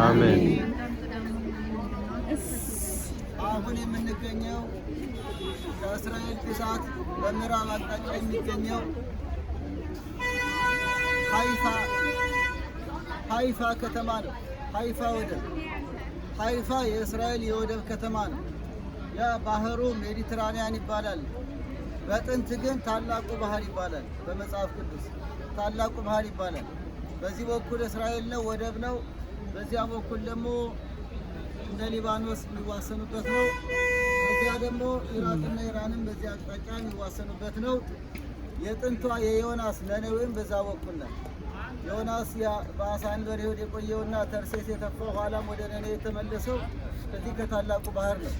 አሜን። አሁን የምንገኘው ከእስራኤል ግዛት በምዕራብ አቅጣጫ የሚገኘው ሀይፋ ሀይፋ ከተማ ነው። ሀይፋ ወደብ ሀይፋ የእስራኤል የወደብ ከተማ ነው። ያ ባህሩ ሜዲትራኒያን ይባላል። በጥንት ግን ታላቁ ባህር ይባላል። በመጽሐፍ ቅዱስ ታላቁ ባህር ይባላል። በዚህ በኩል እስራኤል ነው፣ ወደብ ነው። በዚያ በኩል ደግሞ እንደ ሊባኖስ የሚዋሰኑበት ነው። በዚያ ደግሞ ኢራቅና ኢራንም በዚያ አቅጣጫ የሚዋሰኑበት ነው። የጥንቷ የዮናስ ነነዌም በዛ በኩል ነው። ዮናስ በአሳ አንበር ህይወት የቆየውና ተርሴስ የተፋው ኋላም ወደ ነነዌ የተመለሰው ከዚህ ከታላቁ ባህር ነው።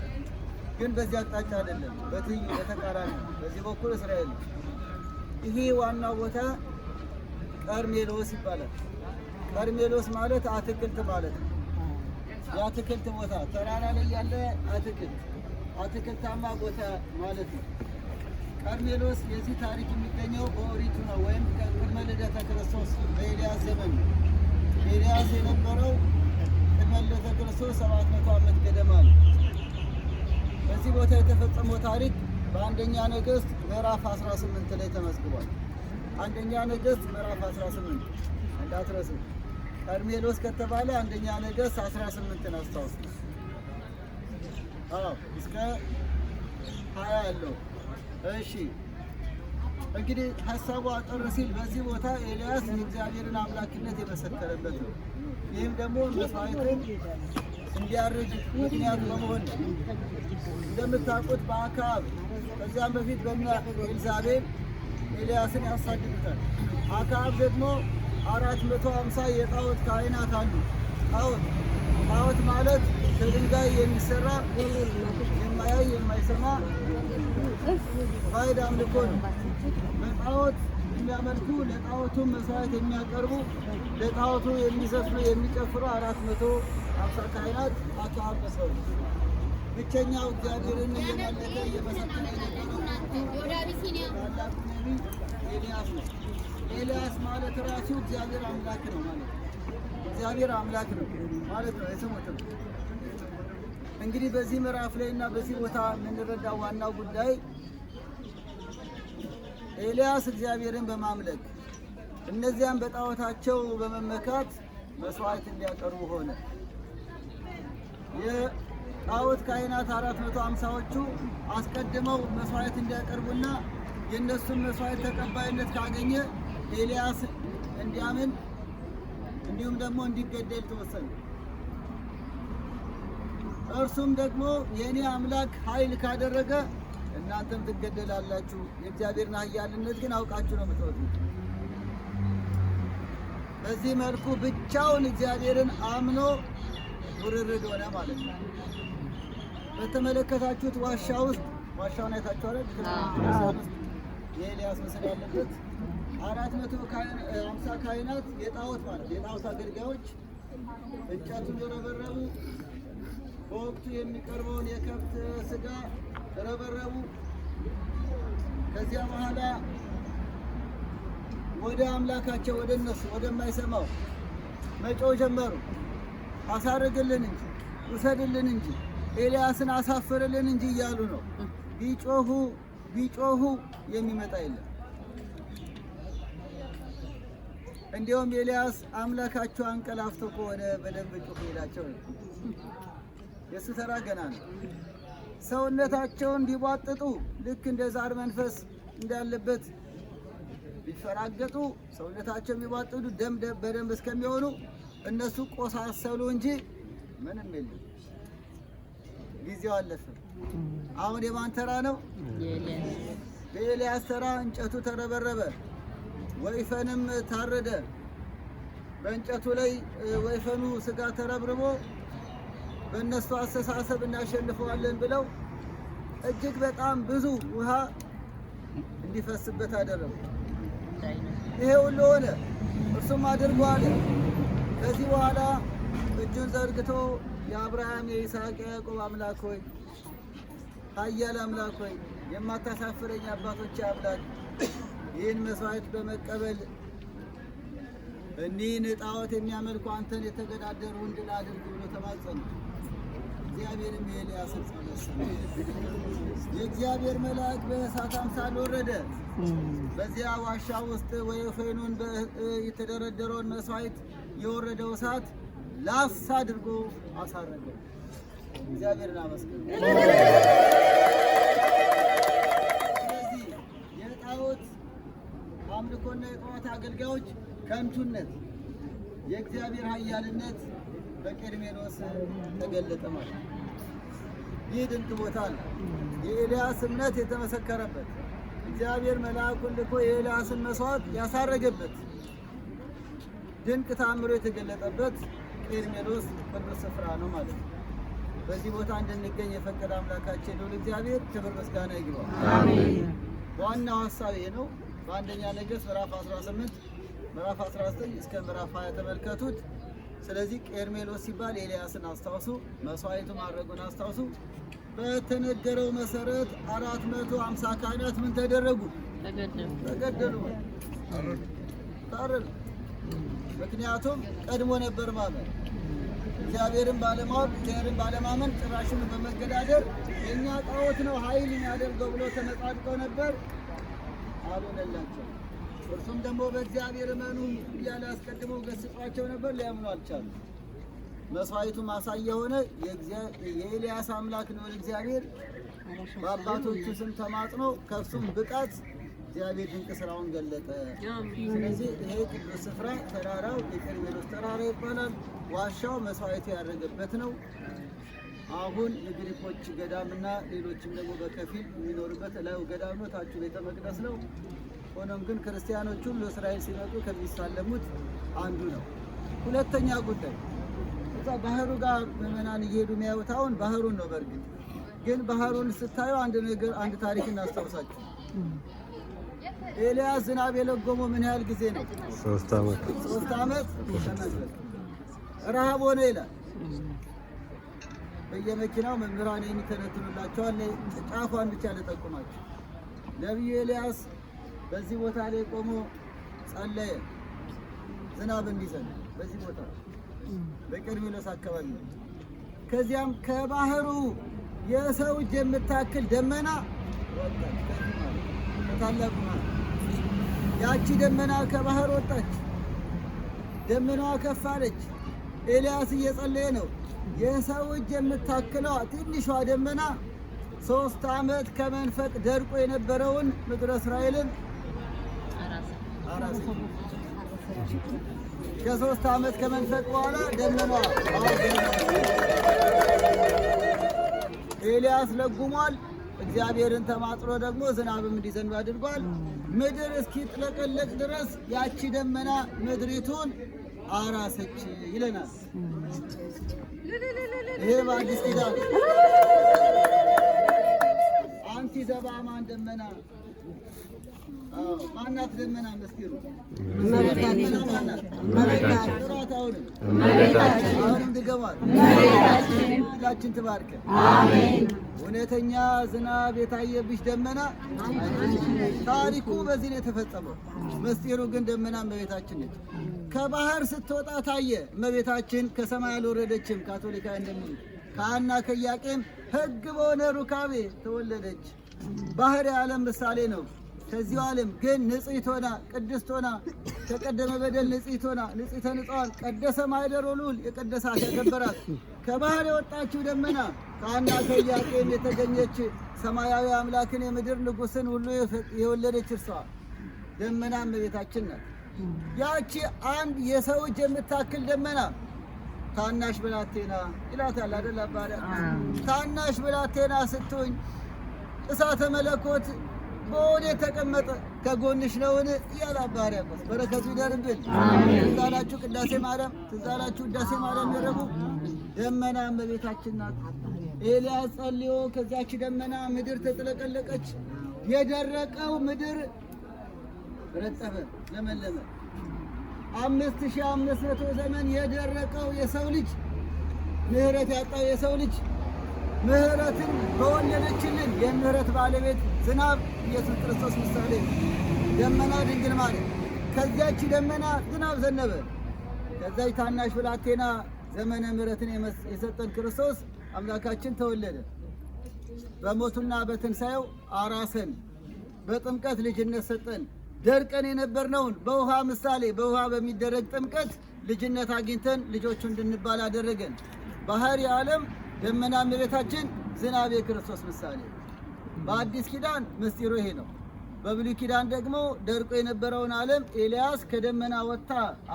ግን በዚህ አቅጣጫ አይደለም፣ በትይዩ በተቃራኒ በዚህ በኩል እስራኤል ነው። ይሄ ዋናው ቦታ ቀርሜሎስ ይባላል። ቀርሜሎስ ማለት አትክልት ማለት ነው። የአትክልት ቦታ ተራራ ላይ ያለ አትክልት አትክልታማ ቦታ ማለት ነው። ቀርሜሎስ የዚህ ታሪክ የሚገኘው በኦሪቱ ነው፣ ወይም ቅድመ ልደተ ክርስቶስ በኤልያስ ዘመን ነው። ኤልያስ የነበረው ቅድመ ልደተ ክርስቶስ ሰባት መቶ ዓመት ገደማ ነው። በዚህ ቦታ የተፈጸመው ታሪክ በአንደኛ ነገሥት ምዕራፍ 18 ላይ ተመዝግቧል። አንደኛ ነገሥት ምዕራፍ 18 እንዳትረሱ። ቀርሜሎስ ከተባለ አንደኛ ነገስት 18 ነው አስታውስ። አዎ እስከ 20 ያለው እሺ። እንግዲህ ሀሳቡ አጠር ሲል በዚህ ቦታ ኤልያስ የእግዚአብሔርን አምላክነት የመሰከረበት ነው። ይህም ደግሞ መስዋዕትን እንዲያርግ ምክንያት በመሆን እንደምታውቁት በአካብ ከዚያም በፊት በእነ ኤልዛቤል ኤልያስን ያሳድዱታል። አካብ ደግሞ አራት መቶ ሃምሳ የጣዖት ካህናት አሉ። ጣዖት ጣዖት ማለት ከድንጋይ የሚሰራ የማያይ የማይሰማ ባዕድ አምልኮ ነው። በጣዖት የሚያመልኩ ለጣዖቱ መስዋዕት የሚያቀርቡ ለጣዖቱ የሚዘፍኑ የሚጨፍሩ አራት መቶ ሃምሳ ካህናት አበሰው ብቸኛው እግዚአብሔርን እየመለከ እየመሰከረ ኤልያስ ነው። ኤልያስ ማለት ራሱ እግዚአብሔር አምላክ ነው ማለት እግዚአብሔር አምላክ ነው ማለት ነው። የስሙትም እንግዲህ በዚህ ምዕራፍ ላይ እና በዚህ ቦታ የምንረዳው ዋናው ጉዳይ ኤልያስ እግዚአብሔርን በማምለክ እነዚያም በጣዖታቸው በመመካት መስዋዕት እንዲያቀርቡ ሆነ። ጣዖት ካህናት አራት መቶ አምሳዎቹ አስቀድመው መስዋዕት እንዲያቀርቡና የእነሱን መስዋዕት ተቀባይነት ካገኘ ኤልያስ እንዲያምን እንዲሁም ደግሞ እንዲገደል ተወሰነ። እርሱም ደግሞ የእኔ አምላክ ኃይል ካደረገ እናንተም ትገደላላችሁ፣ የእግዚአብሔርን ኃያልነት ግን አውቃችሁ ነው የምትወጡት። በዚህ መልኩ ብቻውን እግዚአብሔርን አምኖ ውርርድ ሆነ ማለት ነው። በተመለከታችሁት ዋሻ ውስጥ ዋሻውን አይታችኋል። የኤልያስ ምስል ያለበት አራት መቶ ሀምሳ ካህናት የጣዖት ማለት የጣዖት አገልጋዮች እንጨቱን በረበረቡ፣ በወቅቱ የሚቀርበውን የከብት ስጋ ረበረቡ ከዚያ በኋላ ወደ አምላካቸው ወደ እነሱ ወደማይሰማው መጮህ ጀመሩ። አሳርግልን እንጂ ውሰድልን እንጂ ኤልያስን አሳፍርልን እንጂ እያሉ ነው። ቢጮሁ ቢጮሁ የሚመጣ የለም። እንዲሁም ኤልያስ አምላካቸው አንቀላፍቶ ከሆነ በደንብ ጮሁ ይላቸው የእሱ ተራ ገና ነው። ሰውነታቸውን ቢቧጥጡ ልክ እንደ ዛር መንፈስ እንዳለበት ቢፈራገጡ ሰውነታቸው የሚቧጥጡ ደም በደንብ እስከሚሆኑ እነሱ ቆሳሰሉ እንጂ ምንም የለም። ጊዜው አለፈ። አሁን የማን ተራ ነው? በኤልያስ ተራ እንጨቱ ተረበረበ፣ ወይፈንም ታረደ። በእንጨቱ ላይ ወይፈኑ ስጋ ተረብርቦ በእነሱ አስተሳሰብ እናሸንፈዋለን ብለው እጅግ በጣም ብዙ ውሃ እንዲፈስበት አደረጉ። ይሄ ሁሉ ሆነ፣ እርሱም አድርጓል። ከዚህ በኋላ እጁን ዘርግቶ የአብርሃም የይስሐቅ የያዕቆብ አምላክ ሆይ ኃያል አምላክ ሆይ የማታሳፍረኝ አባቶች አምላክ ይህን መስዋዕት በመቀበል እኒህን ጣዖት የሚያመልኩ አንተን የተገዳደሩ እንድል አድርግ ብሎ ተማጸኑ። እግዚአብሔርም የኤልያስን የእግዚአብሔር መልአክ በእሳት አምሳል ወረደ። በዚያ ዋሻ ውስጥ ወይፈኑን የተደረደረውን መስዋዕት የወረደው እሳት ላስ አድርጎ አሳረገው። እግዚአብሔርን አመስግኑ። ስለዚህ የጣዖት አምልኮና የጣዖት አገልጋዮች ከንቱነት የእግዚአብሔር ኃያልነት በቀርሜሎስ ተገለጠ ማለት ነው። ይህ ድንቅ ቦታ ነው። የኤልያስ እምነት የተመሰከረበት እግዚአብሔር መልአኩን ልኮ የኤልያስን መስዋዕት ያሳረገበት ድንቅ ተአምሮ የተገለጠበት ቄርሜሎስ ቅዱስ ስፍራ ነው ማለት ነው። በዚህ ቦታ እንድንገኝ የፈቀደ አምላካችን ልዑል እግዚአብሔር ክብር ምስጋና ይግባል። ዋናው ሀሳብ ይሄ ነው። በአንደኛ ነገሥት ምዕራፍ 18 ምዕራፍ 19 እስከ ምዕራፍ 20 ተመልከቱት። ስለዚህ ቄርሜሎስ ሲባል ኤልያስን አስታውሱ፣ መስዋዕቱ ማድረጉን አስታውሱ። በተነገረው መሰረት 450 ካህናት ምን ተደረጉ? ተገደሉ፣ ታረዱ። ምክንያቱም ቀድሞ ነበር ማመን። እግዚአብሔርን ባለማወቅ እግዚአብሔርን ባለማመን ጭራሽን በመገዳደር የእኛ ጣዖት ነው ኃይል የሚያደርገው ብሎ ተመጻድቀው ነበር፣ አልሆነላቸው። እርሱም ደግሞ በእግዚአብሔር እመኑ እያለ አስቀድሞ ገስጿቸው ነበር፣ ሊያምኑ አልቻሉ። መስዋዕቱ ማሳያ የሆነ የኤልያስ አምላክ ነው እግዚአብሔር በአባቶቹ ስም ተማጽኖ ከእርሱም ብቃት እግዚአብሔር ድንቅ ስራውን ገለጠ። ስለዚህ ይሄ ቅዱስ ስፍራ ተራራው የቀርሜሎስ ተራራ ይባላል። ዋሻው መስዋዕቱ ያደረገበት ነው። አሁን የግሪኮች ገዳምና ሌሎችም ደግሞ በከፊል የሚኖርበት ላዩ ገዳም ነው፣ ታቹ ቤተ መቅደስ ነው። ሆኖም ግን ክርስቲያኖቹም ለእስራኤል ሲመጡ ከሚሳለሙት አንዱ ነው። ሁለተኛ ጉዳይ እዛ ባህሩ ጋር ምዕመናን እየሄዱ የሚያዩት አሁን ባህሩን ነው። በእርግጥ ግን ባህሩን ስታዩ አንድ ነገር አንድ ታሪክ እናስታውሳችሁ ኤልያስ ዝናብ አቤለጎሙ ምን ያህል ጊዜ ነው? ሶስት አመት ሶስት አመት ረሃብ ሆነ ይላል። በየመኪናው መምህራን የሚተነትኑላቸዋል። ጫፏን ብቻ ልጠቁማቸው። ነቢዩ ኤልያስ በዚህ ቦታ ላይ ቆሞ ጸለየ። ዝናብ እንዲዘንብ በዚህ ቦታ በቀርሜሎስ አካባቢ ነው። ከዚያም ከባህሩ የሰው እጅ የምታክል ደመና ወጣች። ከታላቁ ማለት ያቺ ደመና ከባህር ወጣች፣ ደመናዋ ከፍ አለች። ኤልያስ እየጸለየ ነው። የሰው እጅ የምታክለዋ ትንሿ ደመና ሶስት ዓመት ከመንፈቅ ደርቆ የነበረውን ምድረ እስራኤልን ከሶስት ዓመት ከመንፈቅ በኋላ ደመናዋ ኤልያስ ለጉሟል። እግዚአብሔርን ተማጥሮ ደግሞ ዝናብም እንዲዘንብ አድርጓል። ምድር እስኪጥለቀለቅ ድረስ ያቺ ደመና ምድሪቱን አራሰች ይለናል። ይሄ በአዲስ ኪዳን አንቲ ዘባማን ደመና ማናት ደመና መስኪሩ ሁላችን ትባርከ። እውነተኛ ዝናብ የታየብሽ ደመና ታሪኩ በዚህ ነው የተፈጸመው። መስጢሩ ግን ደመና እመቤታችን ነች። ከባህር ስትወጣ ታየ እመቤታችን ከሰማይ አልወረደችም። ካቶሊካ እንደሚሉ ከአና ከኢያቄም ሕግ በሆነ ሩካቤ ተወለደች። ባህር የዓለም ምሳሌ ነው። ከዚሁ ዓለም ግን ንጽሕት ሆና ቅድስት ሆና ከቀደመ በደል ንጽሕት ሆና ንጽሕተ ንጹሐን ቀደሰ ማኅደሮ ልዑል የቀደሳት ያከበራት ከባህር የወጣችው ደመና ከሐና ከኢያቄም የተገኘች ሰማያዊ አምላክን የምድር ንጉሥን ሁሉ የወለደች እርሷ ደመና እመቤታችን ናት። ያቺ አንድ የሰው እጅ የምታክል ደመና ታናሽ ብላቴና ይላታል አደላ ባሪያ ታናሽ ብላቴና ስትሆኝ እሳተ መለኮት በሆነ የተቀመጠ ከጎንሽ ነውን እያለ አባ ሕርያቆስ በረከቱ ይደርብን። ትዝ አላችሁ ቅዳሴ ማርያም፣ ትዝ አላችሁ ቅዳሴ ማርያም የረቡ ደመና እመቤታችን ናት። ኤልያስ ጸልዮ ከዚያች ደመና ምድር ተጥለቀለቀች። የደረቀው ምድር ረጠበ፣ ለመለመ። አምስት ሺህ አምስት መቶ ዘመን የደረቀው የሰው ልጅ ምህረት ያጣው የሰው ልጅ ምህረትን በወለደችልን የምህረት ባለቤት ዝናብ ኢየሱስ ክርስቶስ ምሳሌ፣ ደመና ድንግል ማርያም። ከዚያች ደመና ዝናብ ዘነበ። ከዚያች ታናሽ ብላቴና ዘመነ ምሕረትን የሰጠን ክርስቶስ አምላካችን ተወለደ። በሞቱና በትንሣኤው አራሰን፣ በጥምቀት ልጅነት ሰጠን። ደርቀን የነበርነውን በውሃ ምሳሌ በውሃ በሚደረግ ጥምቀት ልጅነት አግኝተን ልጆቹ እንድንባል አደረገን። ባህር የዓለም ደመና ምሕረታችን፣ ዝናብ የክርስቶስ ምሳሌ በአዲስ ኪዳን ምስጢሩ ይሄ ነው። በብሉይ ኪዳን ደግሞ ደርቆ የነበረውን ዓለም ኤልያስ ከደመና ወጥታ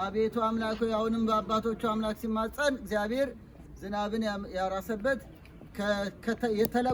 አቤቱ አምላኮ ሆይ አሁንም በአባቶቹ አምላክ ሲማጸን እግዚአብሔር ዝናብን ያራሰበት የተለ